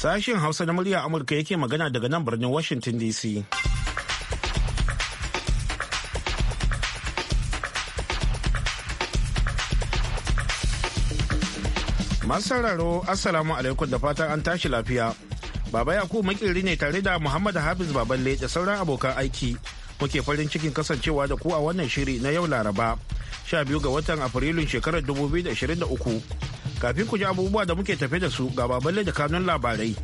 Sashen Hausa na murya Amurka yake magana daga nan birnin Washington DC. Masararo Assalamu alaikum da fatan an tashi lafiya. Baba Yaku makirri ne tare da Muhammad Habiz Baballe da sauran abokan aiki. Muke farin cikin kasancewa da ku a wannan shiri na yau Laraba. 12 ga watan Afrilun shekarar 2023. kafin ku ji abubuwa da muke tafe da su ga baballe da kanun labarai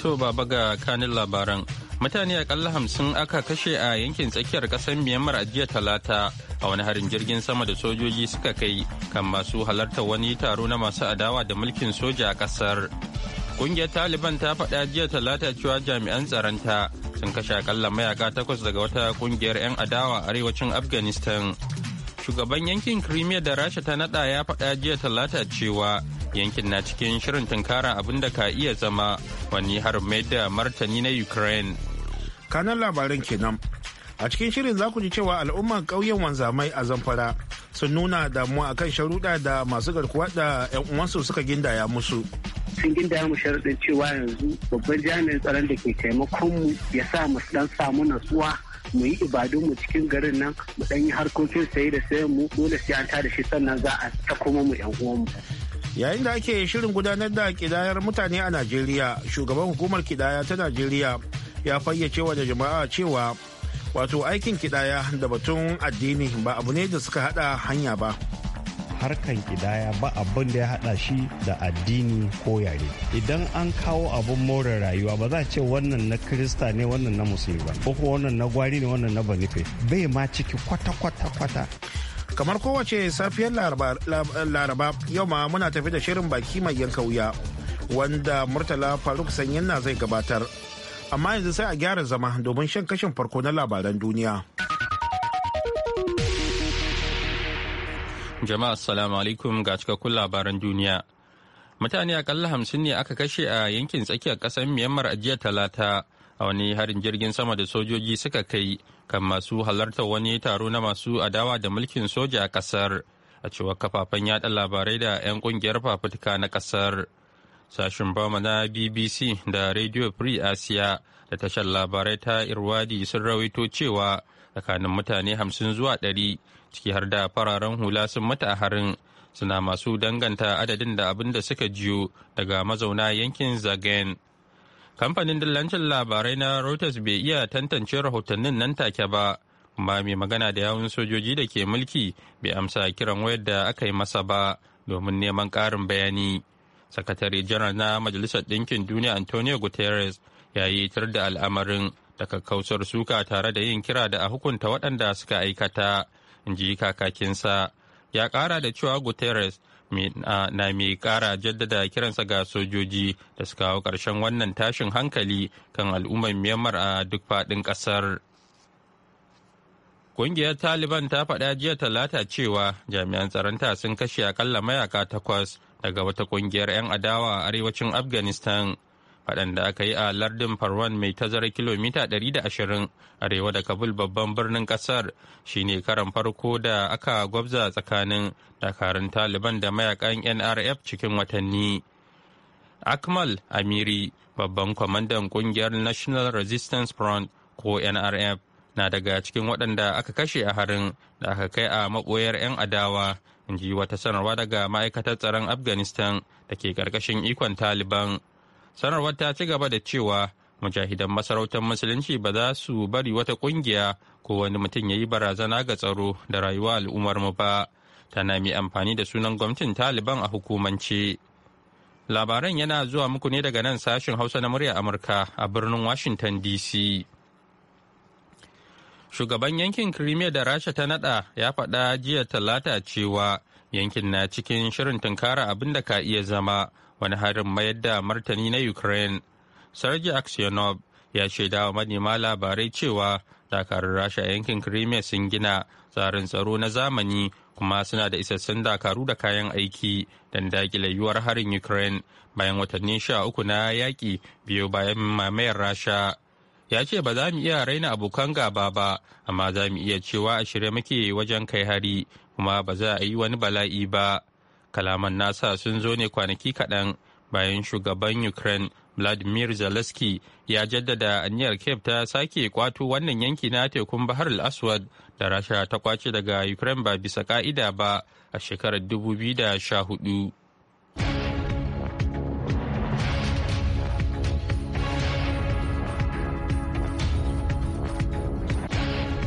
to baba ga kanun labaran mutane a akalla hamsin aka kashe a yankin tsakiyar kasar myanmar a jiya talata a wani harin jirgin sama da sojoji suka kai kan masu halartar wani taro na masu adawa da mulkin soja a kasar kungiyar taliban ta faɗa jiya talata cewa jami'an tsaronta sun kashe akalla mayaka takwas daga wata kungiyar 'yan adawa a arewacin afghanistan shugaban yankin crimea da rasha ta nada ya faɗa jiya talata cewa yankin na cikin shirin tunkara abin da ka iya zama wani har mai da martani na ukraine kanan labaran kenan a cikin shirin za ku ji cewa al'ummar ƙauyen wanzamai a zamfara sun nuna damuwa akan sharuɗa da masu garkuwa da 'yan uwansu suka gindaya musu sun gindaya mu sharuɗin cewa yanzu babban jami'in tsaron da ke taimakon mu ya sa mu dan samu natsuwa mu yi ibadun mu cikin garin nan mu dan yi harkokin saye da sayan mu dole sai an tada shi sannan za a ta kuma mu yan uwan yayin da ake shirin gudanar da kidayar mutane a Najeriya shugaban hukumar kidaya ta Najeriya ya fayyace wa da jama'a cewa wato aikin kidaya da batun addini ba abu ne da suka hada hanya ba harkan kidaya ba abin da ya hada shi da addini ko yare idan an kawo abin more rayuwa ba za a ce wannan na krista ne wannan na musulmi ba ko wannan na gwari ne wannan na banife bai ma ciki kwata kwata kwata kamar kowace safiyar laraba yau ma muna tafi da shirin baki mai yanka wuya wanda murtala faruk sanyin na zai gabatar amma yanzu sai a gyara zama domin shan kashin farko na labaran duniya. Jama'a assalamu alaikum ga cikakkun labaran duniya. Mutane akalla hamsin ne aka kashe a yankin tsakiyar ƙasar Myanmar a jiya talata a wani harin jirgin sama da sojoji suka kai kan masu halartar wani taro na masu adawa da mulkin soja a ƙasar a cewar kafafen yada labarai da 'yan ƙungiyar fafutuka na ƙasar. Sashen bama na BBC da Radio Free Asia da tashar labarai ta Irwadi sun rawaito cewa tsakanin mutane hamsin zuwa ɗari ciki har da fararen hula sun mata a harin suna masu danganta adadin da abin da suka jiyo daga mazauna yankin zagen kamfanin dillancin labarai na reuters bai iya tantance rahotannin nan take ba amma mai magana da yawun sojoji da ke mulki bai amsa kiran wayar da aka yi masa ba domin neman karin bayani sakatare janar na majalisar ɗinkin duniya antonio guterres ya yi tar da al'amarin daga kausar suka tare da yin kira da a hukunta waɗanda suka aikata in ji kakakinsa ya kara da cewa guterres na mai kara jaddada kiransa ga sojoji da suka hau karshen wannan tashin hankali kan al'ummar myanmar a duk faɗin ƙasar Ƙungiyar Taliban ta faɗa jiya talata cewa jami'an tsaronta sun kashe akalla mayaka takwas daga wata ƙungiyar 'yan adawa a arewacin Afghanistan waɗanda aka yi a lardin farwan mai tazara kilomita 120 arewa da kabul babban birnin ƙasar shine karan farko da aka gwabza tsakanin dakarun taliban da mayakan nrf cikin watanni akmal amiri babban kwamandan ƙungiyar national resistance front ko nrf na daga cikin waɗanda aka kashe a harin da aka kai a maɓoyar 'yan adawa in ji wata sanarwa daga ma'aikatar tsaron afghanistan da ke ƙarƙashin ikon taliban sanarwar ta ci gaba da cewa mujahidan masarautar musulunci ba za su bari wata kungiya ko wani mutum ya yi barazana ga tsaro da rayuwa al'ummar mu ba tana mai amfani da sunan gwamnatin taliban a hukumance labaran yana zuwa muku ne daga nan sashen hausa na murya amurka a birnin washington dc shugaban yankin crimea da rasha ta nada ya faɗa jiya talata cewa yankin na cikin shirin tunkara abin da ka iya zama wani harin mayar da martani na ukraine sergei aksionov ya shaida wa manema labarai cewa dakarun rasha yankin crimea sun gina tsarin tsaro na zamani kuma suna da isassun dakaru da kayan aiki don dakile yiwuwar harin ukraine bayan watanni sha uku na yaƙi biyu bayan mamayar rasha ya ce ba za mu iya raina abokan gaba ba amma za mu iya cewa a shirye muke wajen kai hari kuma ba za a yi wani bala'i ba kalaman nasa sun zo ne kwanaki kaɗan bayan shugaban ukraine vladimir zelensky ya jaddada aniyar kiev ta sake kwato wannan yanki na tekun bahar al-aswad da rasha ta kwace daga ukraine ba bisa ka'ida ba a shekarar 2014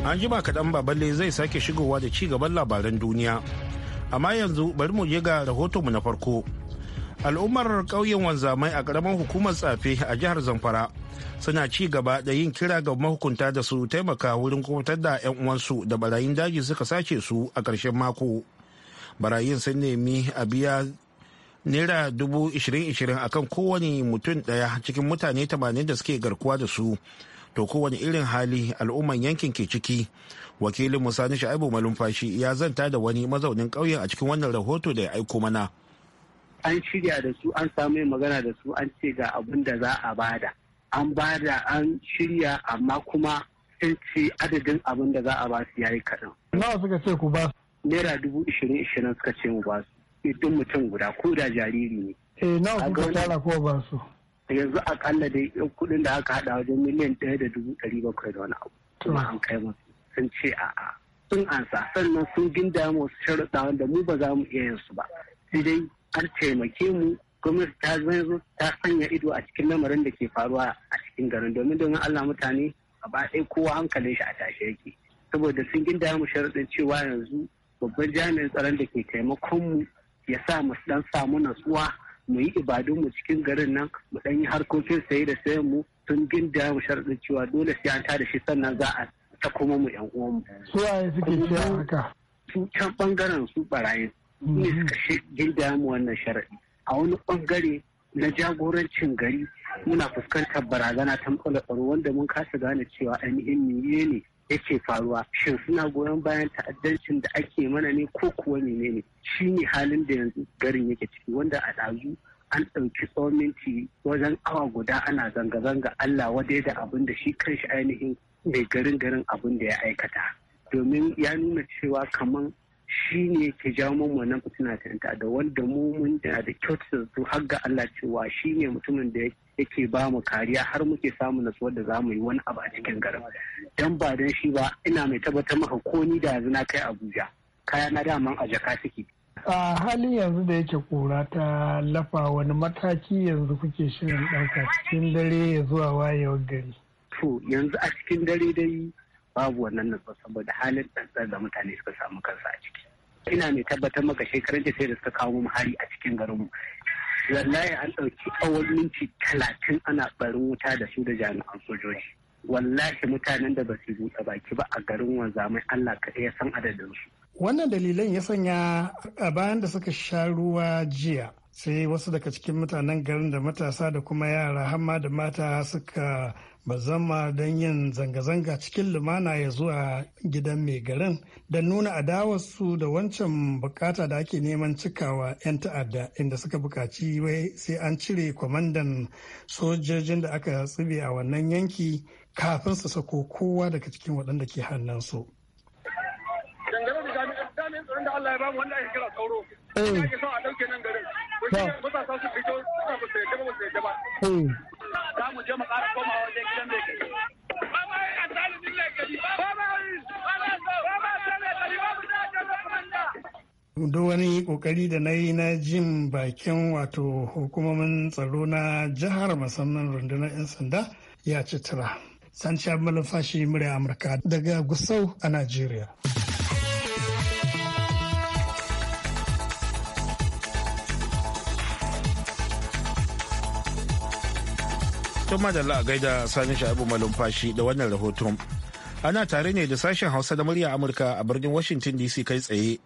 an jima kaɗan baballe zai sake shigowa da ci gaban labaran duniya amma yanzu bari mu je ga mu na farko al'ummar ƙauyen wanzamai a ƙaramin hukumar tsafe a jihar zamfara suna ci gaba da yin kira ga mahukunta da su taimaka wurin kubutar da 'yan uwansu da barayin daji suka sace su a ƙarshen mako barayin sun nemi a biya naira dubu ishirin ishirin akan kowane mutum daya cikin mutane tamanin da suke garkuwa da su to kowane irin hali al'umman yankin ke ciki wakilin musani sha'ibu malumfashi ya zanta da wani mazaunin ƙauyen a cikin wannan rahoto da ya aiko mana an shirya da su an samu magana da su an ce ga abin da za a bada an bada an shirya amma kuma sun ce adadin abin da za a ba su yayi kaɗan. nawa suka ce ku ba naira dubu ishirin ishirin suka ce mu ba su duk mutum guda ko da jariri ne. eh nawa kuka tara ko ba su. yanzu akalla dai kuɗin da aka haɗa wajen miliyan ɗaya da dubu ɗari bakwai da wani abu. kuma an kai masu. sun ce a'a sun ansa sannan sun ginda mu sharuɗa wanda mu ba za mu iya yin su ba sai dai an taimake mu gwamnati ta zo ta sanya ido a cikin lamarin da ke faruwa a cikin garin domin domin Allah mutane gaba ɗaya kowa hankalin shi a tashe yake saboda sun ginda mu sharuɗin cewa yanzu babban jami'in tsaron da ke taimakon mu ya sa mu dan samu natsuwa mu yi ibadun mu cikin garin nan mu dan yi harkokin saye da sayan mu sun ginda mu sharuɗin cewa dole sai an tada shi sannan za a ta kuma mu yan uwanmu. Su waye suke ce haka? Su can bangaren su barayin. Ne mm-hmm. suka gindaya mu wannan sharaɗi. A wani bangare na jagorancin gari muna fuskantar barazana ta matsalar tsaro wanda mun kasa gane cewa ainihin miye ne yake faruwa shin suna goyon bayan ta'addancin da ake mana ne ko kuwa menene ne shi ne halin da yanzu garin yake ciki wanda a ɗazu an ɗauki tsawon minti wajen awa guda ana zanga-zanga Allah wadai da abin da shi kan shi ainihin mai garin garin abin da ya aikata domin ya nuna cewa kaman shi ne ke jawo mu wannan fitina ta da wanda mu mun da da kyautar su har ga Allah cewa shi ne mutumin da yake ba mu kariya har muke samun nasuwar da zamu yi wani abu a cikin garin dan ba dan shi ba ina mai tabbatar maka ko ni da yanzu na kai Abuja kaya na daman a jaka suke a halin yanzu da yake kura ta lafa wani mataki yanzu kuke shirin ɗauka cikin dare ya zuwa wayewar gari to yanzu a cikin dare dai babu wannan nutsuwa saboda halin tsantsar da mutane suka samu kansu a ciki ina mai tabbatar maka shekaran da sai da suka kawo mu hari a cikin garinmu wallahi an ɗauki awon minti talatin ana barin wuta da su da jami'an sojoji wallahi mutanen da ba su buɗe baki ba a garin wanzamai Allah kaɗai ya san adadinsu. Wannan dalilan ya sanya a bayan da suka sha ruwa jiya sai wasu daga cikin mutanen garin da matasa da kuma yara hamma da mata suka bazama don yin zanga-zanga cikin lumana ya zuwa gidan mai garin don nuna adawarsu da wancan bukata da ake neman cikawa 'yan ta'adda inda suka bukaci wai sai an cire kwamandan sojojin da aka tsibe a wannan yanki kafin su sako kowa daga cikin waɗanda ke hannunsu. Dangane da jami'an da Allah ya bamu wanda ake kira sauro, ke eh. so a ɗauke nan garin. Duk wani kokari da na yi na jin bakin wato hukumomin tsaro na jihar musamman rundunar 'yan sanda ya citira. San Shabmalin Fashi murya Amurka daga Gusau a Najeriya. Tun madalla a gaida Sani Sha'ibu Malumfashi da wannan rahoton. Ana tare ne da sashen Hausa da murya Amurka a birnin Washington DC kai tsaye.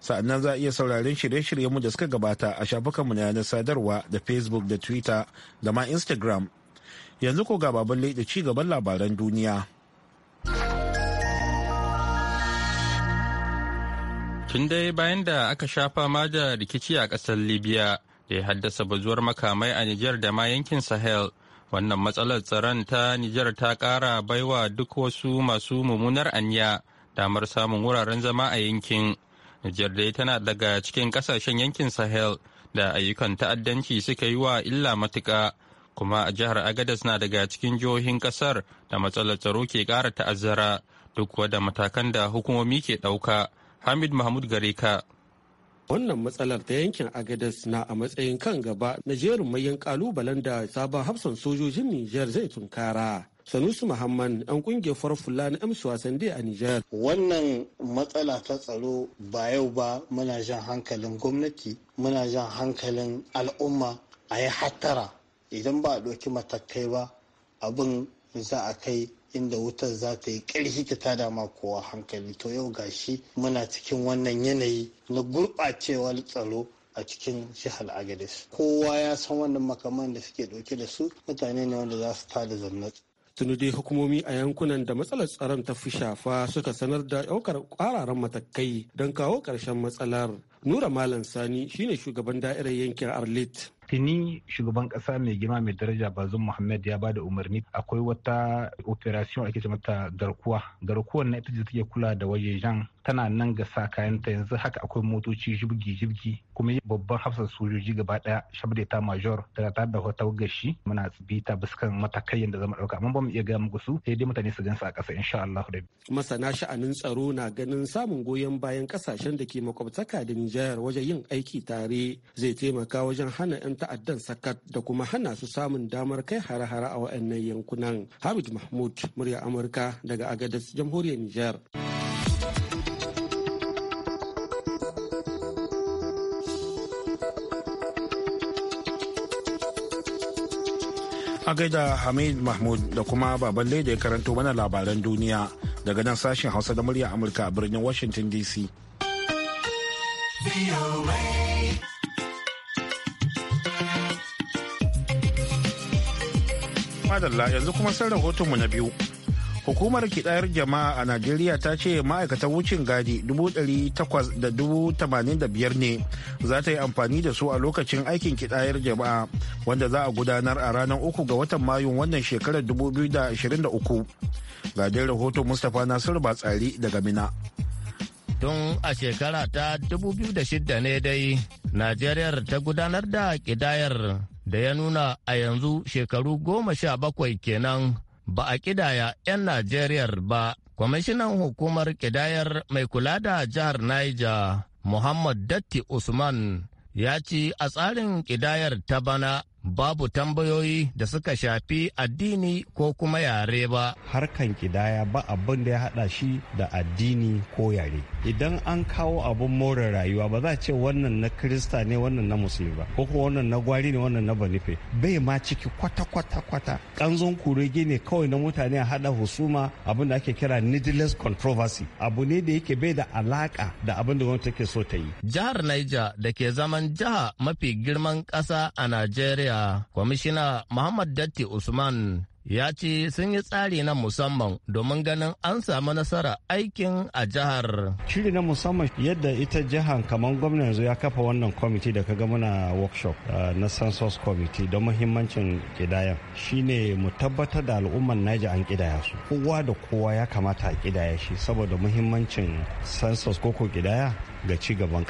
Sa'annan za a iya sauraren shirye-shiryenmu da suka gabata a shafukanmu na yanar sadarwa da Facebook da Twitter da ma Instagram. Yanzu ko ga babban da ci gaban labaran duniya. Tun dai bayan da aka shafa ma da rikici a ƙasar Libya da ya haddasa bazuwar makamai a Nijar da ma yankin Sahel. wannan matsalar tsaron ta nijar ta ƙara baiwa duk wasu masu mummunar anya damar samun wuraren zama a yankin nijar dai tana daga cikin kasashen yankin sahel da ayyukan ta'addanci suka yi wa illa matuka kuma a jihar agadas na daga cikin jihohin ƙasar da matsalar tsaro ke ƙara ta'azzara duk wada matakan da hukumomi ke ɗauka hamid mahmud gareka wannan matsalar ta yankin agadas na a matsayin kan gaba na jerin mayan kalubalen da sabon hafsan sojojin nijar zai tunkara sanusi muhammad yan kungiyar farar na amsu wasan a nijar wannan matsala ta tsaro ba yau ba muna jan hankalin gwamnati muna jan hankalin al'umma a yi hattara idan ba a ɗauki matakai ba abin za a kai inda wutar za ta yi ƙarfi ta tada ma kowa hankali to yau gashi muna cikin wannan yanayi na gurɓacewar tsaro a cikin jihar agadis kowa ya san wannan makaman da suke ɗauke da su mutane ne wanda za su tada zanna tuni dai hukumomi a yankunan da matsalar tsaron ta fi shafa suka sanar da ɗaukar ƙwararan matakai don kawo ƙarshen matsalar nura malam sani shine shugaban da'irar yankin arlit tuni shugaban kasa mai girma mai daraja bazum muhammad ya bada umarni akwai wata operation ake ce mata garkuwa garkuwar na ita ce take kula da jan tana nan ga sa kayanta yanzu haka akwai motoci jibgi jibgi kuma babban hafsan sojoji gaba daya shabdeta major daga tare da wata gashi muna bita biskan matakai yadda zama dauka amma ba mu iya ga muku su sai dai mutane su su a kasa insha Allah da masana sha'anin tsaro na ganin samun goyon bayan kasashen da ke makwabtaka da Nijar wajen yin aiki tare zai taimaka wajen hana 'yan ta'addan sakat da kuma hana su samun damar kai hare-hare a waɗannan yankunan. Hamid Mahmud, murya Amurka daga Agadez, Jamhuriyar Nijar. a gaida hamid mahmud da kuma baban da ya karanto mana labaran duniya daga nan sashen hausa da murya amurka a birnin washington dc madalla yanzu kuma rahoton mu na biyu. Hukumar kidayar jama'a a Najeriya ta ce ma'aikatan wucin gadi 885 ne za ta yi amfani da su a lokacin aikin kidayar jama'a wanda za a gudanar a ranar uku ga watan mayu wannan shekarar 2023. gadin rahoton Mustapha Nasiru Batsari daga Mina. tun a shekara ta 2006 ne dai Najeriya ta gudanar da kidayar da ya nuna a yanzu shekaru goma sha bakwai kenan ba a kidaya 'yan Najeriya ba. Kwamishinan hukumar kidayar mai kula da jihar Niger, Muhammad Datti Usman, ya ci a tsarin kidayar ta bana babu tambayoyi da suka shafi addini ko kuma yare ba. Harkan kidaya ba abin da ya hada shi da addini ko yare. Idan an kawo abin more rayuwa ba za a ce wannan na Kirista ne wannan na Musulmi ba, ko kuma wannan na gwari ne wannan na Banife. Bai ma ciki kwata-kwata-kwata. Kanzon kurege ne kawai na mutane a hada husuma abin da ake kira needless controversy. Abu ne da yake bai da alaka da abin da wani take so ta yi. Jihar Niger da ke zaman jiha mafi girman ƙasa a Najeriya kwamishina muhammad datti usman ya ce sun yi tsari na musamman domin ganin an samu nasara aikin a jihar. Shiri na musamman yadda ita jihar kamar gwamna yanzu ya kafa wannan kwamiti da kaga muna workshop uh, na census committee don muhimmancin kidayan shine mu tabbatar da al'umman Niger an kidaya su. Kowa da kowa ya kamata a kidaya shi saboda muhimmancin census koko kidaya ga ci gaban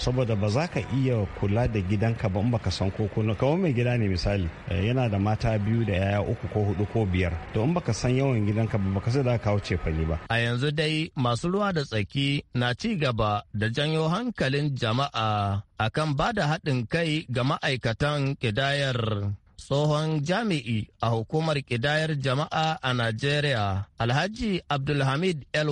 saboda ba za ka iya kula da gidanka ba in baka san ko kamar mai gida ne misali eh, yana da mata biyu da yaya uku ko hudu ko biyar to in baka san yawan gidanka ba baka sai da kawo cefani ba a yanzu dai masu ruwa da tsaki na ci gaba da janyo hankalin jama'a akan ba da haɗin kai ga ma'aikatan kidayar tsohon jami'i a hukumar kidayar jama'a a Najeriya, Alhaji Abdulhamid El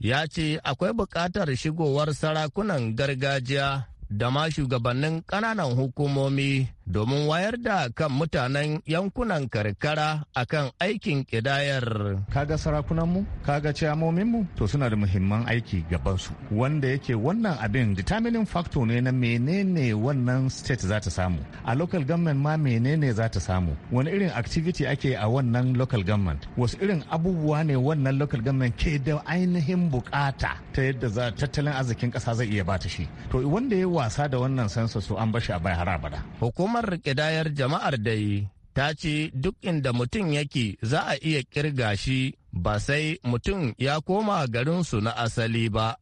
ya ce akwai buƙatar shigowar sarakunan gargajiya da ma shugabannin ƙananan hukumomi domin wayar da kan mutanen yankunan karkara kan aikin kidayar. Kaga sarakunanmu, kaga mu to suna da muhimman aiki gabansu wanda yake wannan abin determining factor ne na menene wannan state za ta samu. A local government ma menene za ta samu, wani irin activity ake a wannan local government, wasu irin abubuwa ne wannan local government ke da ainihin bukata ta yadda za tattalin arzikin kasa zai iya bata shi. To wanda ya wasa da wannan sansa su an bashi a bai har abada. Hukumar kalmar ƙidayar jama'ar dai ta ce duk inda mutum yake za a iya ƙirga shi ba sai mutum ya koma garinsu na asali ba.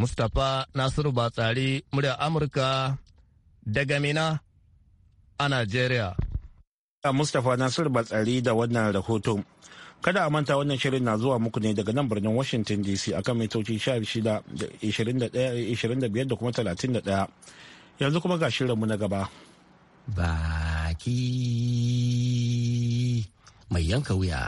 Mustapha Nasiru Batsari, murya Amurka daga Mina a Najeriya. A Mustapha Nasiru Batsari da wannan rahoto. Kada a manta wannan shirin na zuwa muku ne daga nan birnin Washington DC akan mitoci 16, 25 da kuma 31. Yanzu kuma ga shirinmu na gaba. baki mai yanka wuya.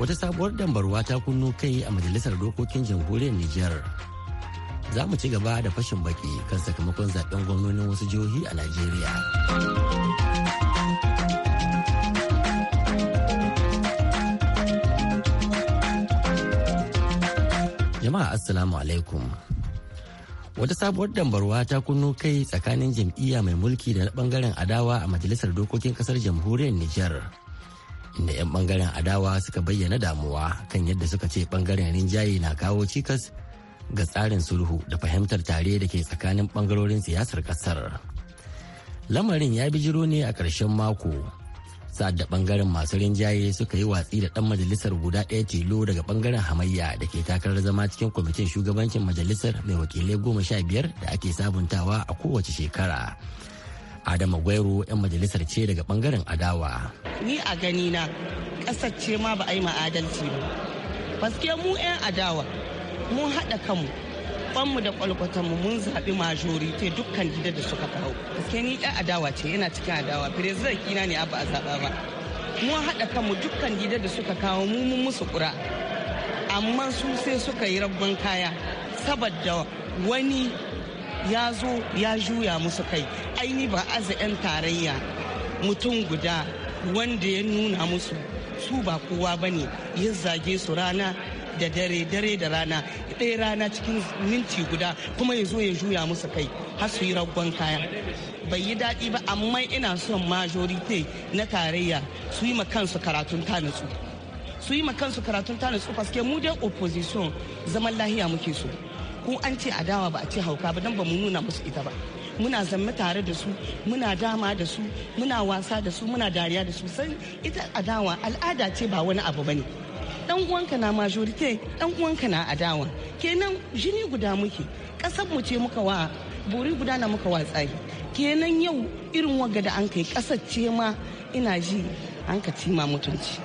Wata sabuwar dambarwa ta kunno kai a Majalisar Dokokin Jamhuriyar Nijar. Za mu ci gaba da fashin baki kan sakamakon zaɓen gwamnonin wasu jihohi a Najeriya. Jama'a Assalamu alaikum. Wata sabuwar dambarwa ta kunno kai tsakanin jam'iyya mai mulki da na bangaren adawa a Majalisar Dokokin Kasar Jamhuriyar Niger, Inda 'yan bangaren adawa suka bayyana damuwa kan yadda suka ce bangaren rinjaye na kawo cikas ga tsarin sulhu da fahimtar tare da ke tsakanin bangarorin siyasar kasar. Lamarin ya bijiro ne a ƙarshen mako. sa'ad da bangaren masu rinjaye suka yi watsi da dan majalisar guda ɗaya tilo daga bangaren hamayya da ke takarar zama cikin kwamitin shugabancin majalisar mai wakilai goma sha biyar da ake sabuntawa a kowace shekara adama gwairo 'yan majalisar ce daga bangaren adawa ni a gani na ƙasar ce ma ba a yi ma'adalci ba mu 'yan adawa mun haɗa kanmu mu da kwalkwatanmu mun zaɓi majorite dukkan gidan da suka kawo gaske ni ɗan adawa ce yana cikin adawa firezidar kina ne abu a zaɓa ba mu haɗa kanmu dukkan gidan da suka kawo mu mun musu ƙura amma su sai suka yi rabban kaya saboda wani ya zo ya juya musu kai aini ba aza 'yan tarayya mutum guda wanda ya nuna musu su ba kowa bane ne ya zage su rana da dare dare da rana ɗaya rana cikin minti guda kuma ya zo ya juya musu kai har su yi raggon kaya bai yi daɗi ba amma ina son majorite na tarayya su yi kansu karatun ta natsu su yi kansu karatun ta natsu paske mu dai opposition zaman lahiya muke so ko an ce adawa ba a ce hauka ba don ba mu nuna musu ita ba muna zamme tare da su muna dama da su muna wasa da su muna dariya da su sai ita adawa al'ada ce ba wani abu bane dan uwanka na majorite dan uwanka na adawa kenan jini guda muke kasar mu ce muka wa bori guda na muka watsa kenan yau irin waga da an kai kasar ce ma ina ji an ka cima mutunci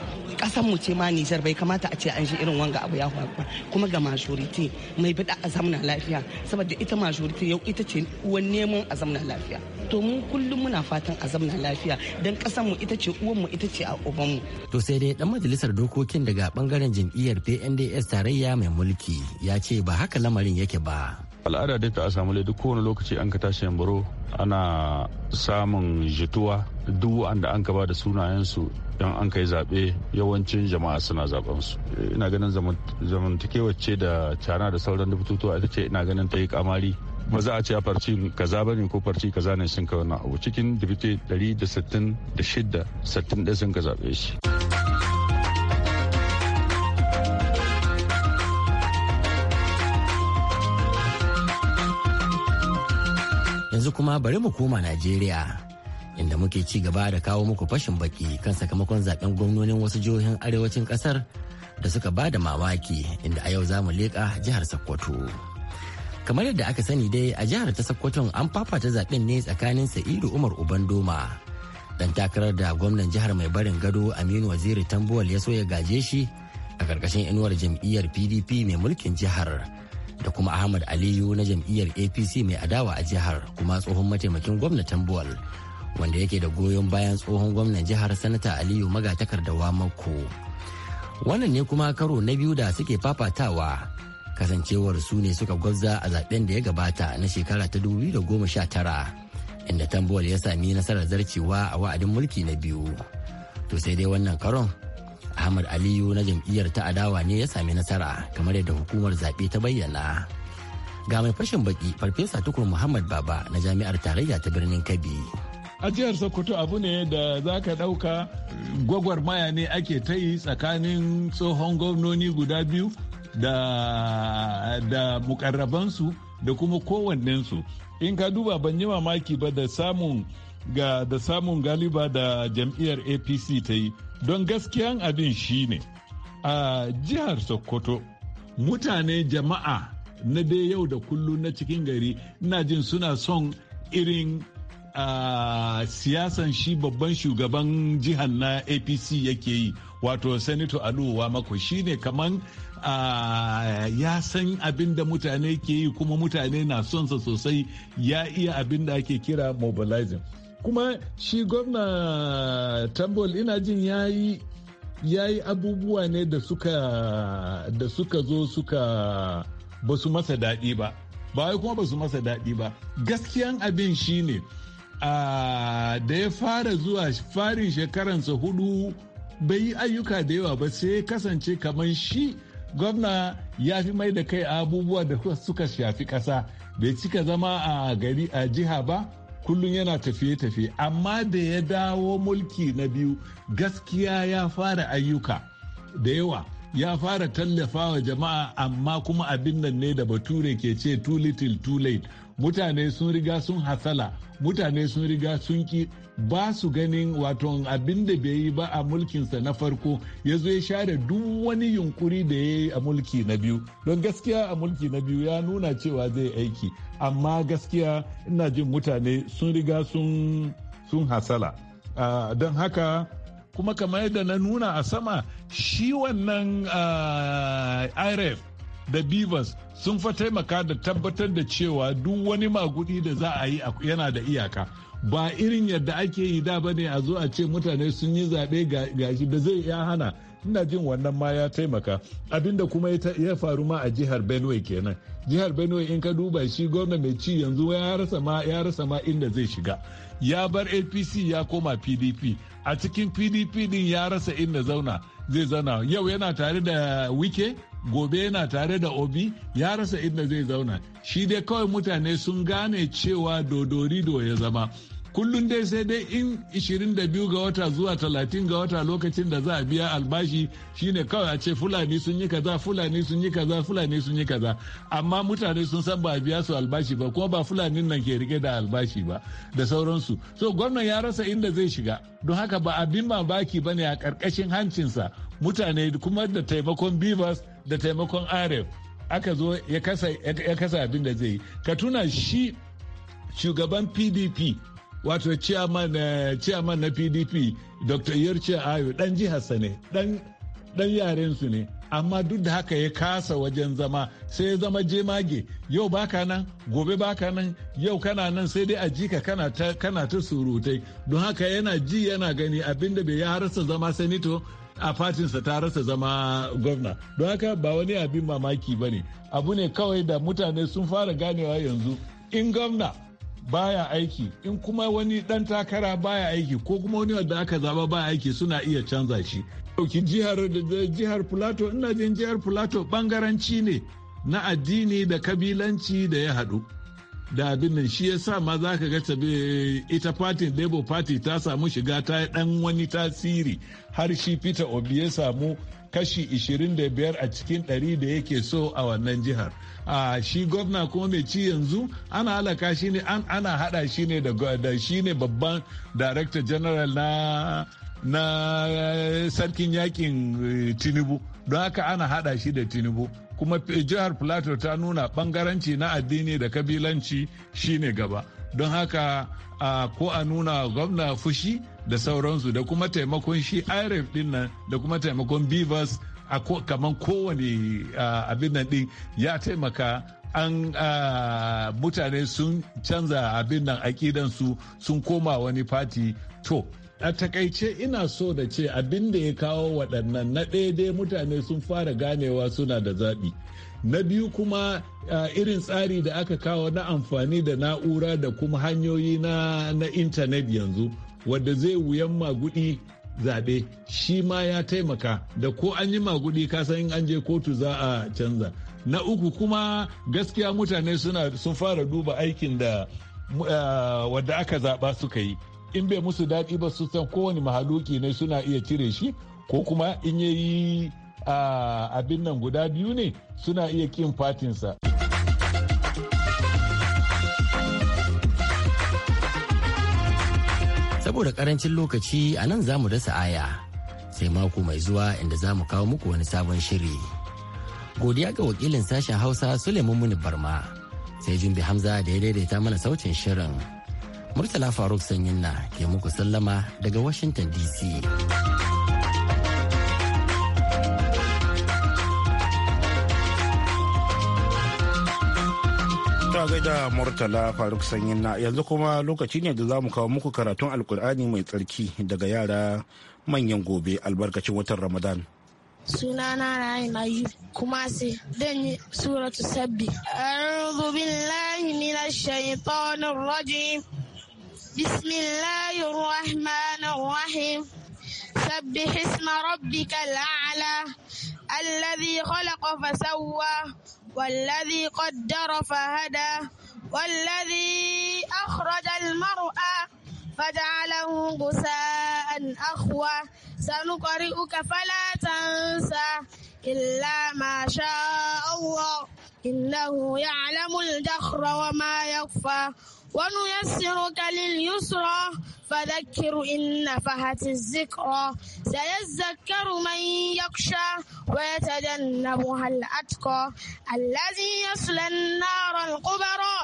kasan mu ce ma Nijar bai kamata a ce an shi irin wanga abu ya faru kuma ga majority mai bada a lafiya saboda ita majority yau ita ce uwan neman azamna lafiya to mun kullum muna fatan azamna lafiya dan kasan mu ita ce uwan mu ita ce a uban mu to sai dai dan majalisar dokokin daga bangaren jam'iyyar PNDS tarayya mai mulki ya ce ba haka lamarin yake ba al'ada dai ta samu duk kowane lokaci an ka tashi yambaro ana samun jituwa duk wanda an gaba da sunayensu don an kai zaɓe yawancin jama'a suna zaɓen su ina ganin zamantakewace ce da cana da sauran dubututuwa ita ce ina ganin ta yi kamari maza a ce a farci kaza ba ko farci kaza ne sun kawo na abu cikin dubite 166 sun ka zaɓe shi. yanzu kuma bari mu koma najeriya inda muke ci gaba da kawo muku fashin baki kan sakamakon zaben gwamnonin wasu jihohin arewacin kasar da suka ba da mamaki inda a yau za mu leƙa jihar Sokoto. Kamar yadda aka sani dai a jihar ta Sokoton an fafata zaben ne tsakanin Sa'idu Umar Ubandoma dan takarar da gwamnan jihar mai barin gado Aminu Waziri Tambuwal ya so ya gaje shi a karkashin inuwar jam'iyyar PDP mai mulkin jihar. da kuma Ahmad Aliyu na jam'iyyar APC mai adawa a jihar kuma tsohon mataimakin gwamnatin Tambuwal. wanda yake da goyon bayan tsohon gwamnan jihar sanata aliyu da wamako wannan ne kuma karo na biyu da suke fafatawa kasancewar su ne suka gwabza a zaɓen da ya gabata na shekara ta 2019 inda tambuwal ya sami nasarar zarcewa a wa'adin mulki na biyu to sai dai wannan karon ahmad aliyu na jam'iyyar ta adawa ne ya sami nasara kamar yadda hukumar zaɓe ta bayyana ga mai fashin baki farfesa tukur muhammad baba na jami'ar tarayya ta birnin kabi a jihar sokoto abu ne da za ka ɗauka gwagwarmaya ne ake ta yi tsakanin tsohon gwamnoni guda biyu da, mukarrabansu da kuma kowannensu in ka duba ban yi mamaki ba da samun ga da samun galiba da jam'iyyar apc ta yi don gaskiyan abin shi ne a jihar sokoto mutane jama'a na dai yau da kullu na cikin gari ina jin suna son irin a siyasan shi babban shugaban jihar na apc yake yi wato senator aluwa mako shi ne kaman ya san abin da mutane ke yi kuma mutane na son sa sosai ya iya abin da ake kira mobilizing kuma shi gwamna tambol ina jin ya yi abubuwa ne da suka da suka zo suka ba su masa daɗi ba ba kuma ba su masa daɗi ba gaskiyan abin shi ne da ya fara zuwa farin shekaransa hudu bai yi ayyuka da yawa ba sai kasance kamar shi gwamna ya fi mai da kai abubuwa da suka shafi ƙasa bai cika zama a gari a jiha ba kullum yana tafiye-tafiye amma da ya dawo mulki na biyu gaskiya ya fara ayyuka da yawa ya fara tallafawa jama'a amma kuma abin nan ne da bature ke ce too little too late mutane sun riga sun hasala mutane sun riga sun ki ba su ganin wato abin da bai yi ba a mulkinsa na farko ya zo ya share duk wani yunkuri da ya yi a mulki na biyu don gaskiya a mulki na biyu ya nuna cewa zai aiki amma gaskiya ina jin mutane sun riga sun hasala ah, don haka kuma kamar yadda na nuna a sama shi wannan ah, irf da beavers sun fa taimaka da tabbatar da cewa duk wani magudi da za a yi yana da iyaka ba irin yadda ake yi da ba ne a zo a ce mutane sun yi zaɓe gashi da zai ya hana ina jin wannan ma ya taimaka abinda kuma ya faru ma a jihar benue kenan jihar benue in ka duba shi gwamna mai ci yanzu ya rasa ma inda zai shiga ya bar apc ya koma pdp a cikin pdp din ya rasa inda zauna zai zauna yau yana tare da wike gobe yana tare da obi ya rasa inda zai zauna shi dai kawai mutane sun gane cewa dodorido ya zama kullum dai sai dai in 22 ga wata zuwa 30 ga wata lokacin da za a biya albashi shine kawai a ce fulani sun yi kaza fulani sun yi kaza fulani sun yi kaza amma mutane sun san ba a biya su albashi ba kuma ba fulani nan ke rike da albashi ba da sauransu so gwamnan ya rasa inda zai shiga don haka ba abin mamaki ne a karkashin hancinsa mutane kuma da taimakon bivas da taimakon aref aka zo ya kasa abin da zai yi ka tuna shi shugaban pdp wato ciyaman eh, na pdp dr yarce ayo dan jiharsa ne dan yarensu ne amma duk da haka ya kasa wajen zama sai ya zama jemage yau baka nan gobe baka nan yau kana nan sai dai a jika kana ta ta surutai don haka yana ji yana gani abinda bai ya rasa zama senator a fatinsa ta rasa zama gwamna don haka ba wani abin mamaki ba ne abu ne kawai da mutane sun fara ganewa yanzu in gwamna baya aiki in kuma wani dan takara baya aiki ko kuma wani wanda aka zaba baya aiki suna iya canza shi dauki jihar jihar plateau ina jin jihar plateau bangaranci ne na addini da kabilanci da ya haɗu da abin nan shi yasa ma za ka ga tabe ita fatin labour party ta samu shiga ta dan wani tasiri har shi peter obi ya samu kashi 25 a cikin 100 da yake so a wannan jihar a shi gwamna kuma mai ci yanzu ana alaka shi ne ana hada shi ne da shi ne babban director general na na sarkin yakin eh, tinubu don haka ana hada shi da tinubu kuma jihar plato ta nuna bangaranci na addini da kabilanci shine gaba don haka a ko a nuna gwamna fushi da sauransu da kuma taimakon shi irf din nan da kuma taimakon beavers a kamar kowane abin nan din ya taimaka an mutane sun canza abin nan akidansu sun koma wani fati to a takaice ina so da ce abin da ya kawo waɗannan na ɗaya dai mutane sun fara ganewa suna da zaɓi na biyu kuma irin tsari da aka kawo na amfani da na'ura da kuma hanyoyi na intanet yanzu wadda zai wuyan magudi zaɓe shi ma ya taimaka da ko an yi magudi kasan in an je kotu za a canza na uku kuma gaskiya mutane sun fara duba aikin da wadda aka zaɓa suka yi in bai musu daɗi ba su san kowane mahaluki ne suna iya cire shi ko kuma in yi abin nan guda biyu ne suna iya kin fatinsa. saboda karancin lokaci a nan za mu dasa aya sai mako mai zuwa inda za mu kawo muku wani sabon shiri godiya ga wakilin sashen hausa suleiman muni barma sai jimbi hamza da ya daidaita mana saucin shirin Murtala Faruk Sanyin na ke muku sallama daga Washington DC. ta gaida Murtala Faruk Sanyin na yanzu kuma lokaci ne da za mu kawo muku karatun Alkur'ani mai tsarki daga yara manyan gobe albarkacin watan Ramadan. sunana yi mayu kuma sai dan yi suratu sabbi. A'udhu billahi minash shaitanir rajim. بسم الله الرحمن الرحيم سبح اسم ربك الأعلى الذي خلق فسوى والذي قدر فهدى والذي أخرج المرء فجعله غساء أخوى سنقرئك فلا تنسى إلا ما شاء الله إنه يعلم الجهر وما يخفى ونيسرك لليسرى فذكر إن نفحت الذكرى سيذكر من يخشى ويتجنبها الأتقى الذي يصلى النار الكبرى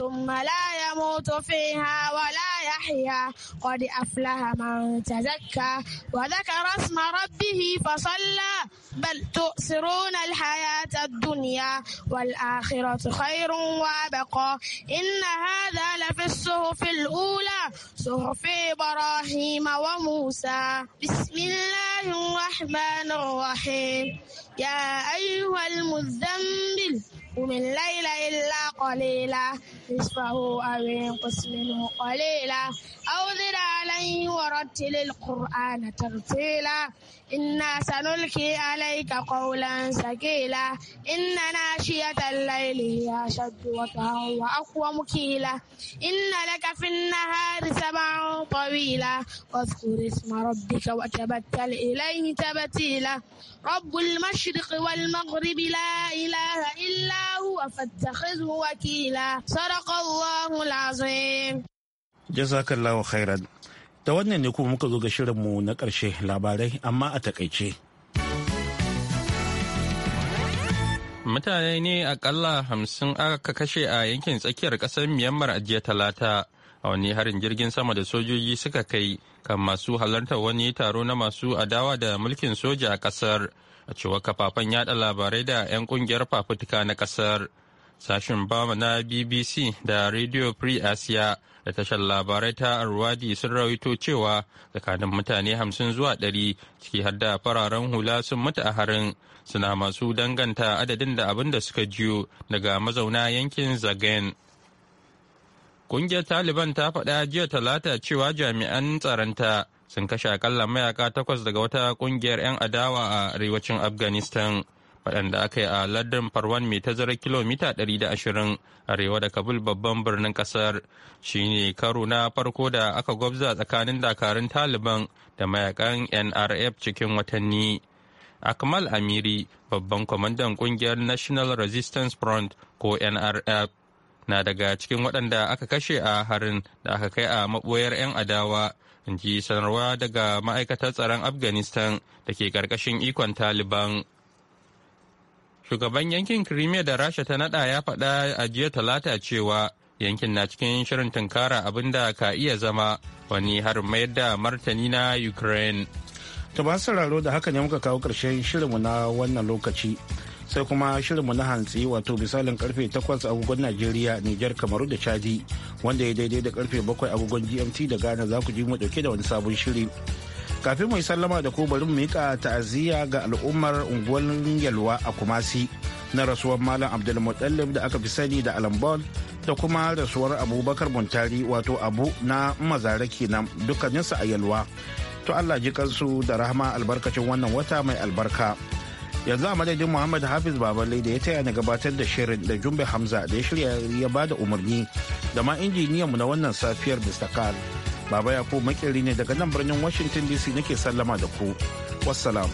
ثم لا يموت فيها ولا يحيا قد أفلح من تزكى وذكر اسم ربه فصلى بل تؤثرون الحياة الدنيا والآخرة خير وأبقى إن هذا قال في الصحف الأولى صحف إبراهيم وموسى بسم الله الرحمن الرحيم يا أيها المزمل قم الليل إلا قليلا نصفه أو انقص منه قليلا أوذر عليه ورتل القرآن ترتيلا إنا سنلقي عليك قولا ثقيلا إن ناشية الليل هي أشد وطئا وأقوم مكيلا إن لك في النهار سبعا طويلا واذكر اسم ربك وتبتل إليه تبتيلا رب المشرق والمغرب لا إله إلا هو فاتخذه وكيلا صدق الله العظيم Jazakallahu khairan. Da wannan ne kuma muka zo ga shirinmu na ƙarshe labarai amma a takaice. Mutane ne akalla hamsin aka kashe a yankin tsakiyar ƙasar Myanmar a talata. a wani harin jirgin sama da sojoji suka kai kan masu halartar wani taro na masu adawa da mulkin soja a ƙasar a cewa kafafen yada labarai da 'yan kungiyar fafutuka na ƙasar sashen bama na bbc da radio free asia da tashar labarai ta Arwadi sun rawaito cewa tsakanin mutane hamsin zuwa ɗari ciki har da fararen hula sun mutu a harin suna masu danganta adadin da abin da suka jiyo daga mazauna yankin Zagen. Kungiyar Taliban ta faɗa jiya talata cewa jami'an tsaronta sun kashe akalla mayaka takwas daga wata kungiyar 'yan adawa a arewacin Afghanistan. waɗanda aka yi a lardin farwan mai tazarar kilomita 120 arewa da kabul babban birnin ƙasar ne karo na farko da aka gwabza tsakanin dakarun taliban da mayakan nrf cikin watanni akmal amiri babban kwamandan ƙungiyar national resistance front ko nrf na daga cikin waɗanda aka kashe a harin da aka kai a maɓoyar 'yan adawa in ji sanarwa daga ma'aikatar tsaron afghanistan da ke ƙarƙashin ikon taliban shugaban yankin crimea da rasha ta nada ya faɗa a jiya talata cewa yankin na cikin shirin tunkara abin da ka iya zama wani harin mayar da martani na ukraine ta ba sauraro da haka ne muka kawo karshen shirin mu na wannan lokaci sai kuma shirin mu na hantsi wato misalin karfe 8 agogon najeriya niger kamaru da chadi wanda ya daidai da karfe 7 agogon gmt da ghana za ku ji mu dauke da wani sabon shiri kafin mai sallama da ko bari mu mika ta'aziyya ga al'ummar unguwar yalwa a kumasi na rasuwar malam abdulmutallib da aka fi sani da alambol da kuma rasuwar abubakar muntari wato abu na mazaraki na dukkaninsu a yalwa to allah ji kansu da rahama albarkacin wannan wata mai albarka yanzu a madadin muhammad hafiz babalai da ya taya na gabatar da shirin da jumbe hamza da ya shirya ya ba da umarni da ma injiniyanmu na wannan safiyar mr karl Baba Yakubu makeri ne daga nan birnin Washington DC nake sallama da ku. Wassalam.